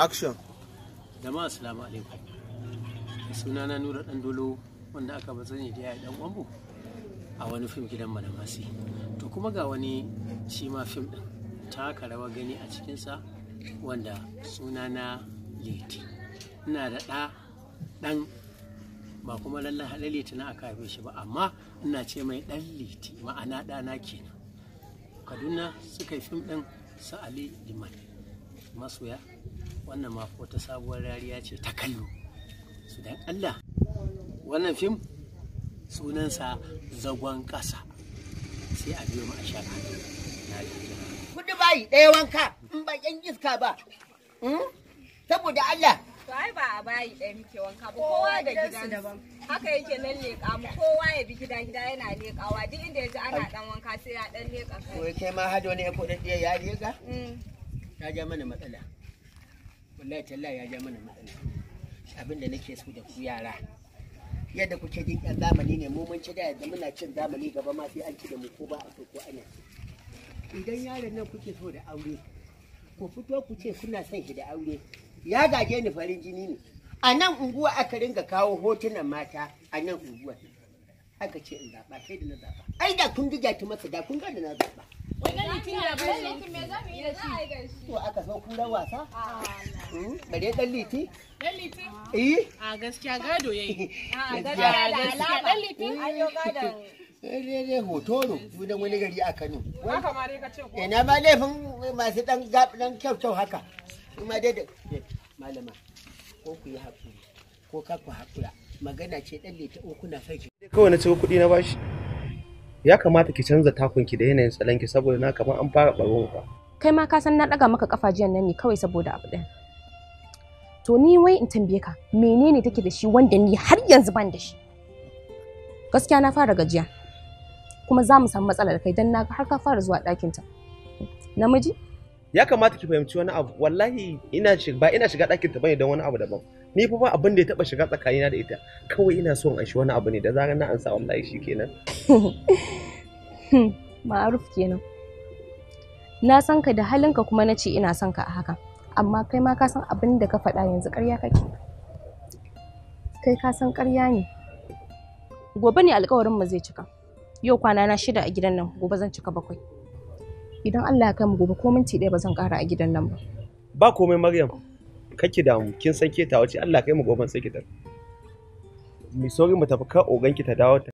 action jama'a assalamu alaikum sunana nura dan dolo wanda aka ba sani da yayi dan wambo a wani fim gidan malamasi to kuma ga wani shi ma fim din taka rawa gani a cikin sa wanda sunana liti ina da da ɗan ba kuma lallan haɗe liti na aka haife shi ba amma ina ce mai ɗan liti ma'ana ɗana kenan kaduna suka yi fim ɗin Ali liman masoya wannan ma wata sabuwar rariya ce ta kallo su dan Allah wannan fim sunansa zagon ƙasa sai a biyo mu a shaka na kudu bayi ɗaya wanka in ba yan iska ba hmm? saboda Allah to ai ba a bayi ɗaya muke wanka ba kowa da gidansu daban haka yake nan leƙa mu kowa ya bi gida gida yana leƙawa duk inda yaji ana dan wanka sai ya dan leƙa kai kai ma hado ne ko dan ya leƙa ta mm. ja mana matsala wallahi tallahi ya ja mana matsala abin da nake so da ku yara yadda kuke jin yan zamani ne mu mun ci da yadda muna cin zamani gaba ma sai an ci da mu ko ba a so ko ana idan yaron nan kuke so da aure ku fito ku ce kuna son shi da aure ya gaje ni farin jini ne a nan unguwa aka ringa kawo hotunan mata a nan unguwa aka ce in zaɓa sai da na zaɓa ai da kun ji masa da kun ga da na zaɓa To aka zo kuran wasa? Bare liti? liti? A gaskiya gado yayi. A gaskiya gudan wani gari a Kano. Haka ma dai ka ce ko. Ina ma laifin masu kyau haka. Kuma dai da malama ko ku yi hakuri ko ka ku hakura magana ce dan liti in kuna sai. Kawai na ce kuɗi na bashi. ya kamata ki canza takunki da yanayin tsalanki saboda na kamar an fara baron ka kai ma ka san na ɗaga maka kafa jiyan nan ne kawai saboda abu ɗaya to ni wai in tambaye ka menene take da shi wanda ni har yanzu ban da shi gaskiya na fara gajiya kuma za mu samu matsala da kai don na har ka fara zuwa ɗakinta namiji ya kamata ki fahimci wani abu wallahi ina shiga ba ina shiga ɗakin ta bane don wani abu daban ni fa ba abin da ya taba shiga tsakanina da ita kawai ina son a shi wani abu ne da zarar na ansa wallahi shikenan ma'aruf kenan na san ka da ka kuma na ce ina son ka a haka amma kai ma ka san abin da ka faɗa yanzu ƙarya kake kai ka san ƙarya ne gobe ne alƙawarin mu zai cika yau kwana na shida a gidan nan gobe zan cika bakwai idan Allah ya kaimu gobe ko minti ɗaya ba zan ƙara a gidan nan ba ba komai Maryam kake damu kin san ke ta wace Allah kai mu gobe sai ki mi mu tafi ka ogan ki ta dawo